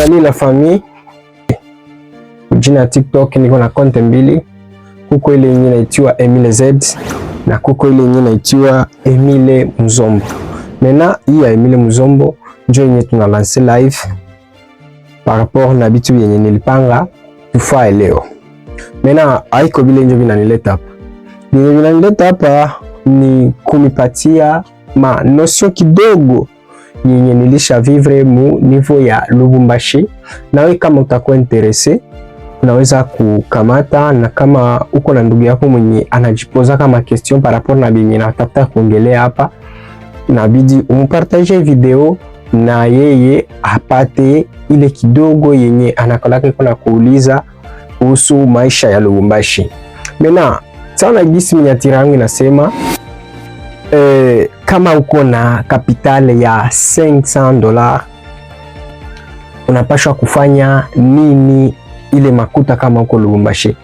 Sali la famille, jina TikTok niko na konte mbili, kuko ile yenyewe inaitwa Emile Z na kuko ile yenyewe inaitwa Emile Mzombo. Mena hii ya Emile Mzombo njo yenye tuna lance live par rapport na bitu yenye nilipanga tufae leo. Mena haiko vile njo vinanileta hapa, vinanileta hapa ni kumipatia ma nosio kidogo yenye nilisha vivre mu nivo ya Lubumbashi. Nawe kama utakuwa interese, unaweza kukamata, na kama uko na ndugu yako mwenye anajipoza kama question par rapport na binye tafuta kuongelea hapa, nabidi umpartage video na yeye apate ile kidogo yenye anakalake kuna kuuliza kuhusu maisha ya Lubumbashi. Mena sana gisi minatira yangu inasema eh, kama uko na kapitale ya 500 dola unapashwa kufanya nini ile makuta kama uko Lubumbashi?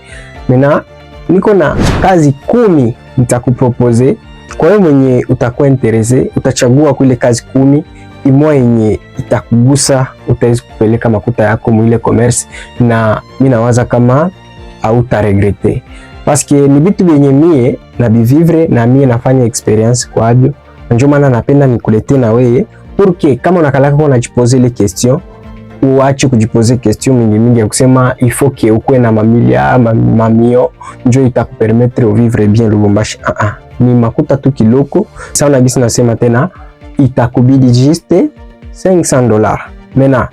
Mina niko na kazi kumi nitakupropose. Kwa hiyo mwenye utakuwa interese utachagua kule kazi kumi imwa yenye itakugusa, utaweza kupeleka makuta yako mwile commerce, na mimi nawaza kama autaregrete, paske ni vitu vyenye mie na bivivre na mie nafanya experience kwa ajili ndio maana napenda nikuletee na wewe porque kama unakalaka unajipoze ile question uache kujipoze question mingi mingi ya kusema ifo ke ukwe na mamilia mamio njo itakupermettre vivre bien Lubumbashi. Ah ah, ni makuta tu kiloko sawa na gisi nasema tena, itakubidi jiste 500 dollars mena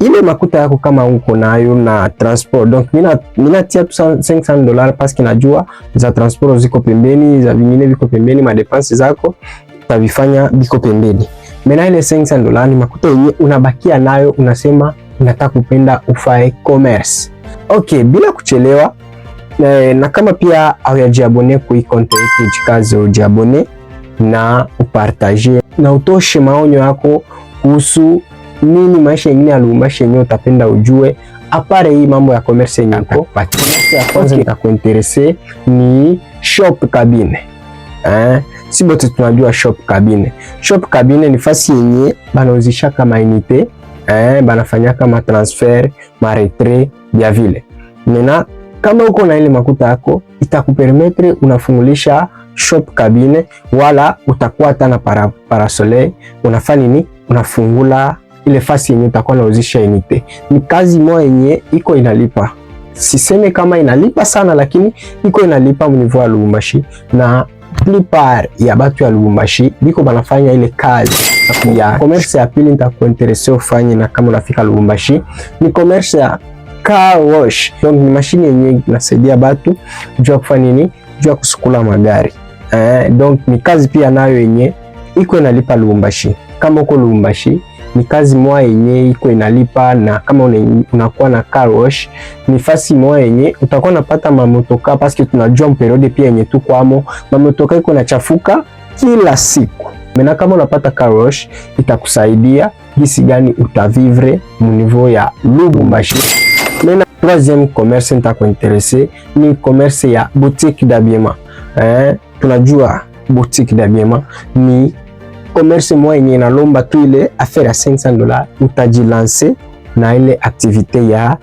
ile makuta yako kama uko nayo na transport. Donc mina mina tia tu 500 dollars parce que najua za transport ziko pembeni, za vingine viko pembeni, madepense zako utavifanya biko pembeni. Mena Menaile sensa ndo laani makuta yenye unabakia nayo, unasema unataka kupenda ufae commerce. Okay, bila kuchelewa na, na kama pia kwa hii kuikonto yetu jikaze ujiabone na upartaje na utoshe maonyo yako kuhusu nini maisha yengine ya Lubumbashi yenyewe utapenda ujue apare hii mambo ya commerce yenye uko. ya kwanza nitakuinterese ni shop kabine eh? si bote tunajua shop kabine. Shop kabine ni fasi yenye banauzisha kama inite eh, banafanya kama transfer maretre ya vile nena kama uko na ile makuta yako itakupermetre unafungulisha shop kabine, wala utakuwa hata na para, parasole unafanya nini, unafungula ile fasi yenye utakuwa nauzisha inite. Ni kazi moja yenye iko inalipa, siseme kama inalipa sana, lakini iko inalipa mnivoa Lubumbashi na plupart ya batu ya Lubumbashi biko banafanya ile kazi ya commerce. Ya pili nitakuinteresse ufanye na kama unafika Lubumbashi ni commerce ya car wash, donc ni mashine yenye inasaidia batu jua kufanya nini, jua kusukula magari eh, donc ni kazi pia nayo yenye iko inalipa Lubumbashi. Kama uko Lubumbashi ni kazi moja yenye iko inalipa, na kama unakuwa na car wash ni fasi moja yenye utakuwa unapata mamotoka, paske tunajua mperiode pia yenye tu kwamo mamotoka iko inachafuka kila siku mena. Kama unapata car wash itakusaidia jinsi gani utavivre munivo ya Lubumbashi. Mena troisieme commerce nitakuinterese ni commerce ya boutique d'habillement eh, tunajua boutique d'habillement ni commerce mwa yenye inalomba tu ile affaire ya 500 dola, utajilanse na ile activite ya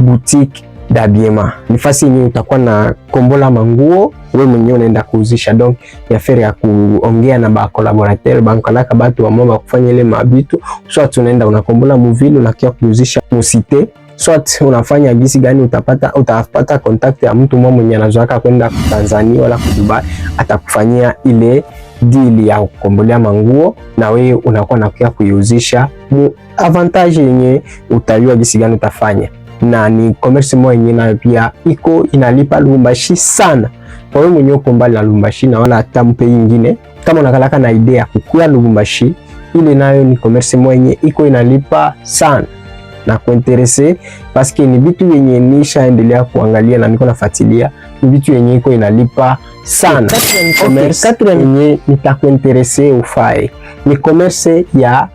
boutique dabiema. Ni fasi yenye utakuwa na kombola manguo we mwenyewe unaenda kuuzisha, donc ni affaire ya kuongea na ba collaborateur bankalaka batu wamoba kufanya ile mabitu, soit unaenda unakombola muvili unakia kuuzisha musite soit unafanya gisi gani, utapata utapata contact ya mtu mwa mwenye anazoaka kwenda Tanzania wala Dubai, atakufanyia ile dili ya kukombolea manguo na wewe unakuwa nakuya kuiuzisha mu avantage yenye utajua jinsi gani utafanya, na ni commerce moja yenye nayo pia iko inalipa Lubumbashi sana. Kwa hiyo mwenye uko mbali na Lubumbashi na wala hata mpe ingine, kama unakalaka na idea kukua Lubumbashi, ile nayo ni commerce moja yenye iko inalipa sana na kuinterese paske ni vitu yenye nishaendelea kuangalia na niko nafuatilia, ni vitu yenye iko inalipa sana. Yenye nitakuinterese ufae ni commerce ya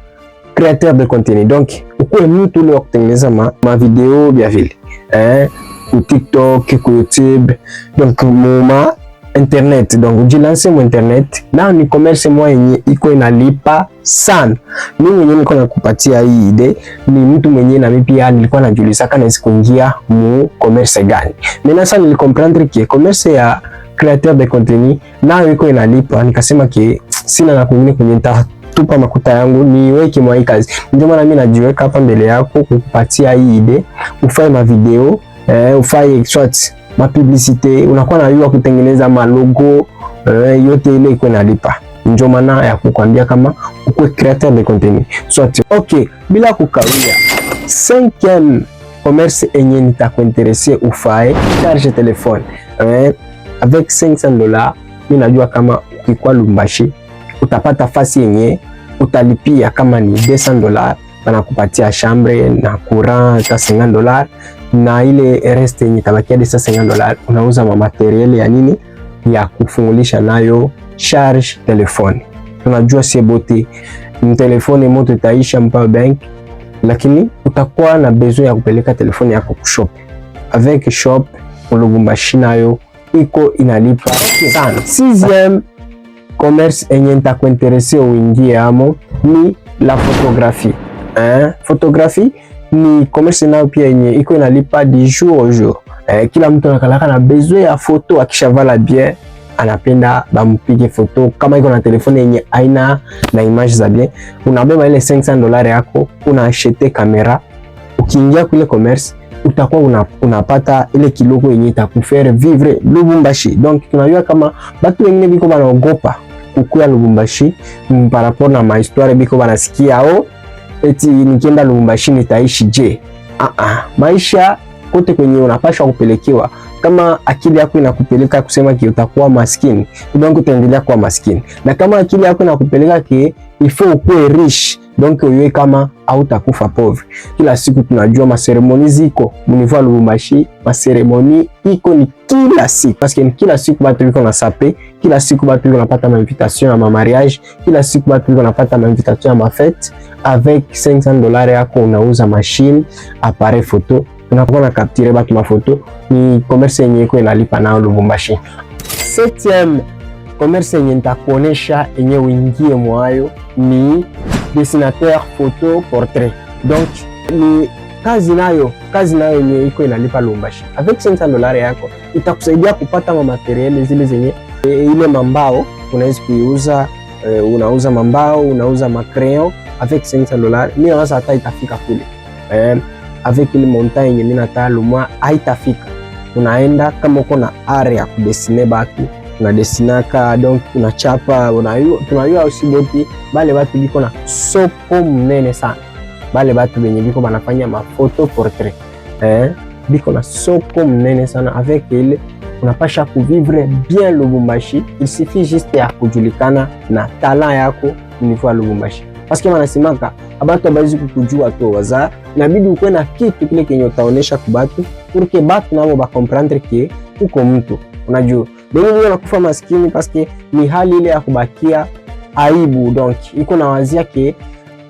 createur de contenu, donc ukuwe mtu ule wa kutengeneza ma, ma video vya vile eh, ku TikTok ku YouTube donc muma internet. Donc jilance mu internet, na ni commerce mwa yenye iko inalipa sana. Mimi mwenyewe niko nakupatia hii ide, ni mtu mwenyewe na mimi pia nilikuwa najiuliza na sikuingia mu commerce gani. Mimi sasa nilikomprendre ki commerce ya createur de contenu nayo iko inalipa, nikasema ki sina na kwingine kwenye tupa makuta yangu niweke mwa hii kazi. Ndio maana mimi najiweka hapa mbele yako kukupatia hii ide, ufanye ma video eh, ufanye shorts mapublicite, unakuwa najua kutengeneza malogo uh, yote ile iko nalipa. Ndio maana ya kukwambia kama ukwe createur de contenu soit okay. Bila kukawia, cinquième commerce enye nitakuinteresie ufae charge telefone eh, avec 500 dollars. Mimi najua kama ukikwa Lumbashi utapata fasi yenye utalipia kama ni 200 dollars, banakupatia chambre na courant hata 50 dollars na ile rest yenye tabakia hadi sasa ndio unauza mamateriali ya nini ya kufungulisha nayo charge telefoni. Tunajua si bote mtelefoni moto itaisha mpa bank, lakini utakuwa na besoin ya kupeleka telefoni yako kushop avec shop Lubumbashi, nayo iko inalipa sana. Sixième commerce enye nitakuinteresse uingie amo ni la photographie. Eh, photographie ni commerce nayo pia yenye iko inalipa di jour au jour. Eh, kila mtu anakalaka na besoin ya photo, akishavala bien anapenda bampige photo, kama iko na telefone yenye aina na image za bien, unabeba ile 500 dollars yako unaachete kamera. Ukiingia kule commerce utakuwa unapata una, ile kiloko yenye itakufere vivre Lubumbashi. Donc tunajua kama batu wengine biko banaogopa kukuya Lubumbashi par rapport na mahistoire biko banasikia ao eti nikienda Lubumbashi nitaishi je? Ah ah, maisha kote kwenye unapashwa kupelekewa, kama akili yako inakupeleka kusema ki utakuwa maskini, utaendelea kuwa maskini, na kama akili yako inakupeleka ki ifo ukuwe rich donc uyue kama hautakufa povu. Kila siku tunajua maseremoni ziko muniva Lubumbashi, maseremoni iko ni kila siku paske ni kila siku batu biko na sape, kila siku batu biko napata mainvitation ya mamariage, kila siku batu biko napata mainvitation ya mafete avec 500 dolari yako unauza mashine appareil photo, unakuwa na kaptire batu mafoto. Ni commerce yenye iko inalipa nao Lubumbashi. Septieme commerce yenye nitakuonesha yenye uingie mwayo ni dessinateur, photo, portrait. Donc ni kazi nayo kazi nayo yenye iko inalipa Lumbashi. Avec 500 dolari yako itakusaidia kupata mamateriali zile zenye e, ile mambao unaweza kuiuza e, unauza mambao unauza macrayon avec 500 dolari. Mimi nawaza hata itafika kule e, avec ile montagne yenye mimi nataka lumwa haitafika. Unaenda kama uko na area kudesine batu una Desinaka donc kuna Chapa, tunajua Usiboti bale batu biko na soko mnene sana, bale batu benye biko banafanya mafoto portrait eh, biko na soko mnene sana avec ile unapasha kuvivre bien Lubumbashi, il suffit juste ya kujulikana na tala yako niveau ya Lubumbashi, paske manasimaka abatu abawezi kukujua to waza, inabidi ukwe na kitu kile kenye utaonesha kubatu, pour que batu nabo bakomprendre kie uko mtu unajua Bengine huyo anakufa maskini paske ni hali ile ya kubakia aibu, donc iko na wazia ke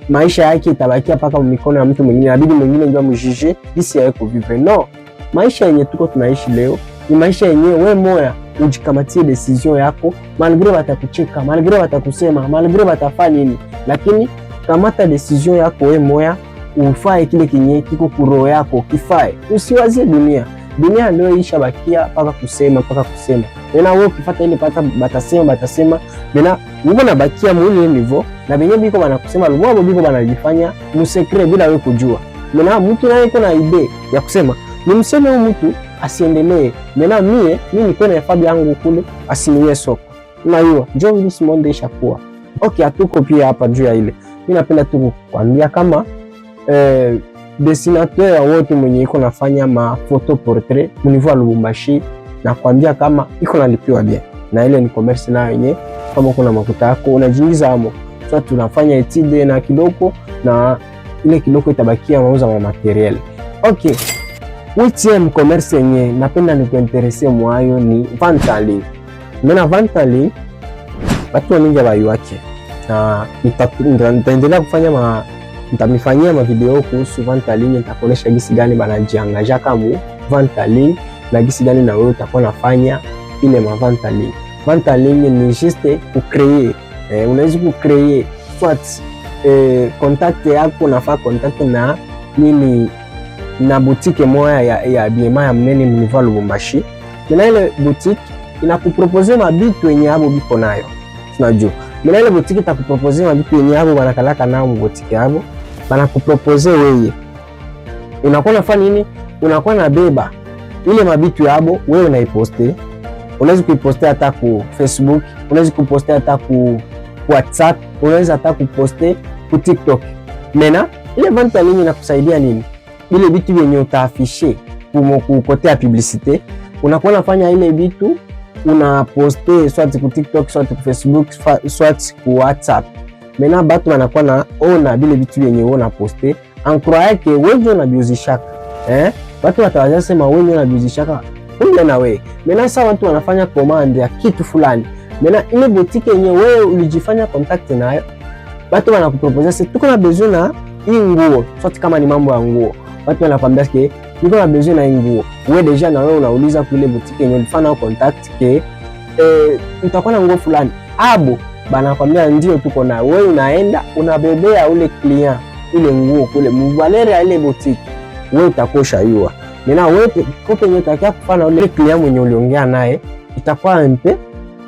maisha yake itabakia paka mikono ya mtu mwingine, inabidi mwingine ndio amjije jinsi yake kuvivre. No, maisha yenye tuko tunaishi leo ni maisha yenye we moya ujikamatie decision yako, malgre watakucheka, malgre watakusema, malgre watafanya nini, lakini kamata decision yako we moya, ufae kile kinye kiko kuroho yako kifae, usiwazie dunia dunia ndio bakia paka kusema paka kusema tena, wewe ukifuata ile pata batasema batasema tena, na bakia mwili ni hivyo na benye biko bana kusema wao biko bana jifanya secret bila wewe kujua. Tena mtu naye kuna ide ya kusema ni mseme huyu mtu asiendelee, tena mie mimi niko na fabi yangu kule asinie soko na hiyo njoo ndio simonde ishakuwa okay. atuko pia hapa juu ya ile, mimi napenda tu kukwambia kama eh dessinateur ya wote mwenye iko nafanya ma photo portrait mnivoa Lubumbashi, na kwambia kama iko nalipiwa bien na ile ni commerce nayo yenye, kama kuna makuta yako unajiingiza amo. Sasa tunafanya etide na kidogo na ile kidogo itabakia mauza ma material. Okay, witiem commerce yenye napenda ni kuinteresse mwayo ni Vantali. en Vantali Mbona vente en ligne watu waningi na nitaendelea kufanya ma nitamifanyia mavideo kuhusu Van Talin, nitakuonesha gisi gani banajiangaja kamu Van Talin na gisi gani na wewe utakuwa nafanya ile ma Van Talin. ni juste kucree, eh, unaweza kucree soit eh, contact yako nafaa contact na nini na boutique moya ya, ya biema ya mnene mniva Lubumbashi, na ile boutique inakupropose mabitu yenye hapo biko nayo tunajua, na ile boutique itakupropose mabitu yenye hapo wanakalaka nao mbotike hapo banakupropose weye, unakuwa nafanya nini? Unakuwa nabeba ile mabitu yabo wewe unaiposte, unaweza kuiposte hata ku Facebook, unaweza kuposte hata ku WhatsApp, unaweza hata kuposte ku TikTok. Mena ile vanta nini ligne nini? Ile bitu vyenye utaafishe kukotea publicite, unakuwa nafanya ile bitu unaposte swati ku TikTok, swati ku Facebook, swati ku WhatsApp Mena batu wanakuwa na ona bile vitu vyenye uona poste ankura yake wengi wanabiuzishaka eh, watu watawazia sema wengi wanabiuzishaka kumbe na wewe mena. Sasa watu wanafanya komande ya kitu fulani mena, ile botike yenye wewe ulijifanya contact nayo, watu wanakupropose se tuko na besoin na hii nguo sote, kama ni mambo ya nguo, watu wanakwambia ke niko na besoin na hii nguo, we deja na wewe unauliza kuile botike yenye ulifanya contact ke eh, utakuwa na nguo fulani abo ah, banakwambia ndio, tuko na we, unaenda unabebea ule client ile nguo kule mvalere ile boutique, we utakosha yua mina wewe kope nyote yake kufana ule client mwenye uliongea naye, itakuwa mpe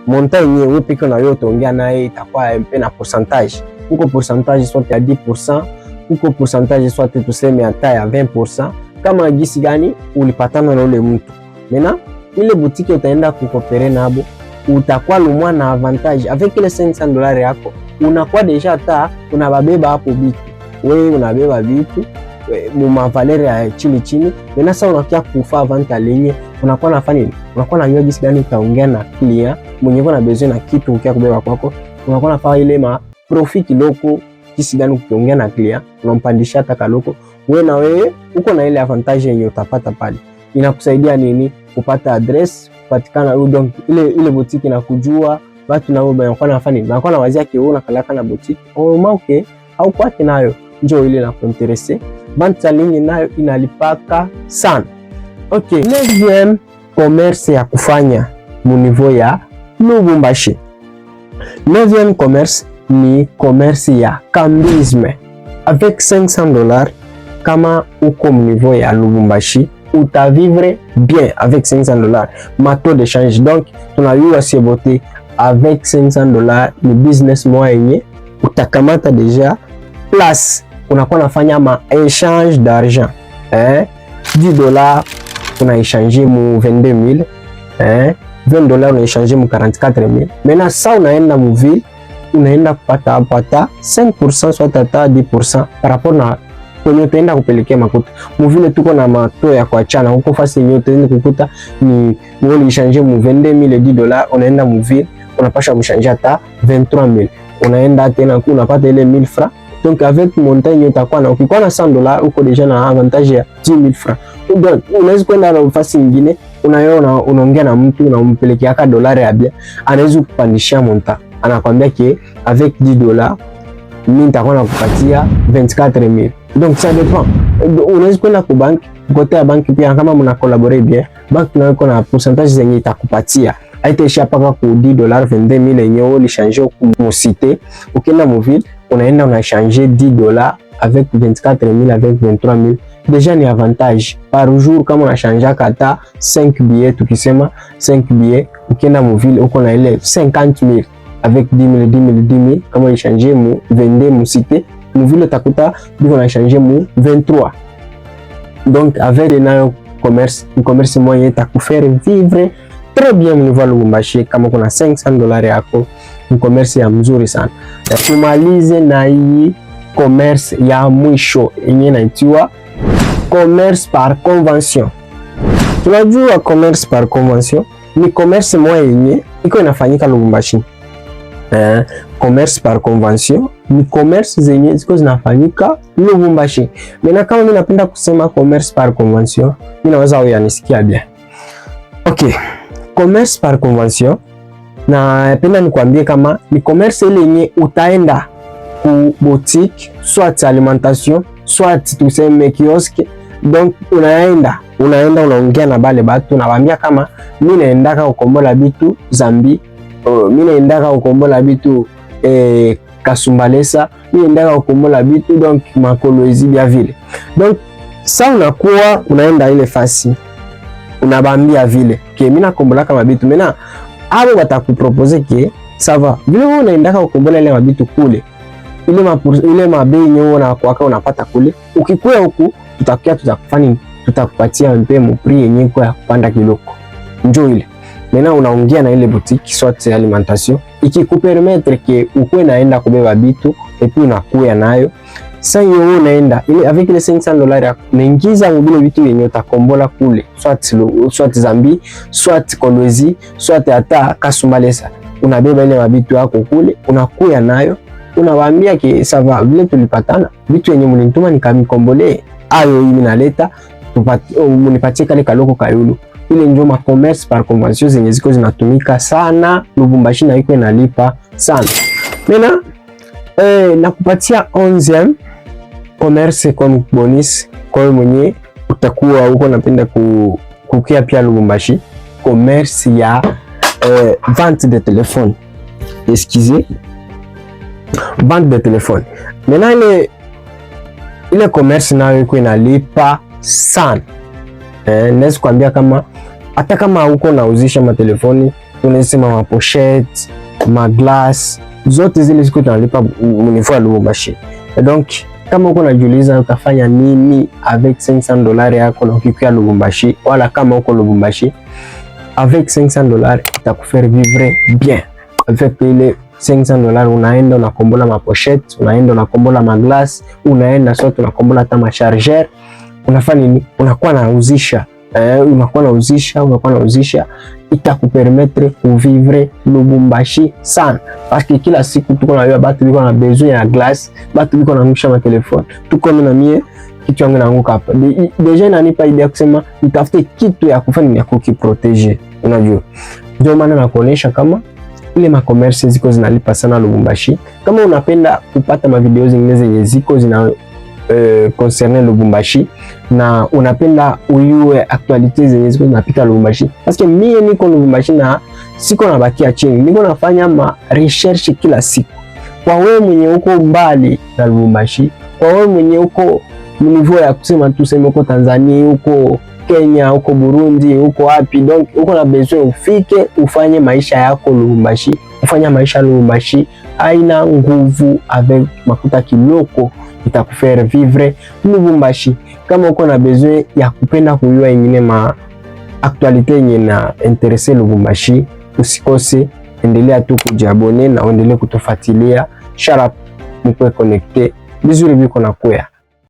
monta yenyewe we piko na yote ongea naye, itakuwa mpe na percentage kuko percentage soit ya 10% kuko percentage soit tuseme hata ya 20%, kama gisi gani ulipatana na ule mtu mina ile boutique utaenda kukopere nabo utakuwa lumwa na avantage avec ile 500 dollars yako, unakuwa deja ta unababeba hapo bitu wewe unabeba vitu mu mumavalere ya chini chini, menasa unakia kufa vanta lenye unakuwa nafanya nini? Unakuwa najua jinsi gani utaongea na client mwenye uko na bezwe na kitu ukia kubeba kwako, unakuwa nafaa ile ma profit loko, jinsi gani ukiongea na client unampandisha hata kaloko wewe na wewe uko na ile avantage yenye utapata pale. Inakusaidia nini? Kupata address kupatikana huyu donki ile ile botiki na kujua watu na wewe yanakuwa nafanya na kwa na wazia yake wewe unakalaka na botiki au oh, mauke au kwa kinayo njoo ile na kuinteresse banta lingi nayo inalipaka sana. Okay, next commerce ya kufanya mu niveau ya Lubumbashi. Neuvième commerce ni commerce ya cambisme avec 500 dollars kama uko mu niveau ya Lubumbashi utavivre bien avec 500 dollars mato de change. Donc tunajua siebote avec 500 dollars ni business moya yenye utakamata deja plus unakuwa nafanya ma exchange d'argent eh, 10 dollars unaechange mu 22000 eh, 20 dollars unaechange mu 44000. Mena sa unaenda muvile unaenda kupata apata 5% soit ata 10% par rapport na wenye utaenda kupelekea makuta muvile tuko na mato ya kuachana huko fasi yenye utaenda kukuta ni wewe ulishanje mu 22000 dola, unaenda muvile unapasha mshanje hata 23000 unaenda tena kuna unapata ile 1000 francs donc avec montagne utakuwa na ukikuwa na 100 dola uko deja na avantage ya 10000 francs. Donc unaweza kwenda na nafasi nyingine, unaona unaongea na mtu unampelekea ka dolari abia, anaweza kupandishia monta, anakwambia ke avec 10 dola mimi nitakuwa nakupatia 24000 donc ça dépend. Euh, unaweza kwenda ku bank kote ya banki pia, kama mna collaborate bien, banki nayo iko na pourcentage zenye itakupatia aitaishia paka ku 10 dollars 22000 yenye ulishange musite. Ukienda muville, unaenda unashange 10 dollars avec 24000 avec 23000 Deja ni avantage par jour, kama unashanja kata 5 billets, tukisema 5 billets, ukienda muville uko na ile 50000 avec 10 000, 10 000, 10 000, kama nishange mu 22 mu site muvile takuta biko na change mu 23. Donc avec nayo commerce commerce moyen takufere vivre très bien mnivo ya Lubumbashi, kama kuna 500 dolari yako ni commerce ya mzuri sana. Tumalize na commerce ya mwisho yenye naitiwa commerce par convention. Tunajua commerce par convention ni commerce moya yenye iko inafanyika Lubumbashi eh, commerce par convention ni commerce zenye ziko zinafanyika Lubumbashi. Mimi kama mimi napenda kusema commerce par convention, mimi naweza uyanisikia bia. Okay, commerce par convention na penda nikwambie kama ni commerce ile yenye utaenda ku boutique soit alimentation soit tuseme kioske, donc unaenda unaenda unaongea na bale batu, nawaambia kama mimi naendaka kukombola bitu zambi oh, mimi naendaka kukombola bitu eh, Kasumbalesa, mimi naendaka kukombola bitu donc makolo ezibi ya vile. Donc sa unakuwa unaenda ile fasi unabambia vile ke mimi nakombolaka mabitu mena abo batakupropose ke sava vile wewe unaendaka kukombola ile mabitu kule ile mapur, ile mabei nyo na kwaka unapata kule, ukikuya huku tutakia tutakufanya tutakupatia mpe mpri yenye kwa kupanda kiloko, njoo ile Maintenant unaongea na ile boutique soit alimentation ikikupermettre ke ukwe naenda kubeba bitu epi unakuya nayo sasa hiyo unaenda ile avec les 500 dollars naingiza ngule vitu yenye utakombola kule soit lo, soit zambi soit kolwezi soit hata kasumbalesa unabeba ile mabitu yako kule unakuya nayo unawaambia ke sava vile tulipatana vitu yenye mlinituma nikamikombole ayo hivi naleta tupate munipatie kale kaloko kayulu ile njo ma commerce par convention zenye ziko zinatumika sana Lubumbashi na iko inalipa sana mena eh, nakupatia 11 commerce kwa bonus kwa mwenye utakuwa uko napenda ku, kukia pia Lubumbashi commerce ya eh, vente de telefone excusez vente de telefone mena ile ile commerce nayo iko inalipa sana eh, naweza kuambia kama hata kama uko nauzisha matelefoni tunasema mapochet maglass zote zile ziko tunalipa munifu Lubumbashi. Donc kama uko najiuliza utafanya nini avec 500 dolari yako na ukikuya Lubumbashi, wala kama uko Lubumbashi avec 500 dolari itakufere vivre bien avec ile 500 dolari unaenda unakombola mapochette, unaenda unakombola maglass, unaenda sote unakombola hata machargeur unafaa nini? Unakuwa nauzisha eh, unakuwa nauzisha, unakuwa nauzisha, itakupermettre kuvivre Lubumbashi sana paske kila siku tuko na batu biko na besoin ya glace, batu biko na ngusha ma matelefone, tuko na mie kitu yangu nguka hapa. Deja inanipa idea kusema nitafute kitu ya kufanya ya kukiproteje. unajua ndio maana nakuonesha kama ile makomerse ziko zinalipa sana Lubumbashi. Kama unapenda kupata mavideo zingine zenye ziko zina euh, concernant Lubumbashi na unapenda uyue aktualite zenye ziko zinapita Lubumbashi, paske mie niko Lubumbashi na siko nabakia chini, niko nafanya ma recherche kila siku. Kwa wewe mwenye uko mbali na Lubumbashi, kwa wewe mwenye uko mnivou ya kusema tuseme uko Tanzania, uko Kenya, uko Burundi, uko wapi, donc uko na besoin ufike ufanye maisha yako Lubumbashi kufanya maisha Lubumbashi aina nguvu avec makuta kiloko itakufere vivre Lubumbashi. Kama uko na besoin ya kupenda kuyua ingine ma aktualite yenye na interese Lubumbashi, usikose, endelea tu kujabone na uendelee kutufuatilia. shara mukwe konekte vizuri viko na kwea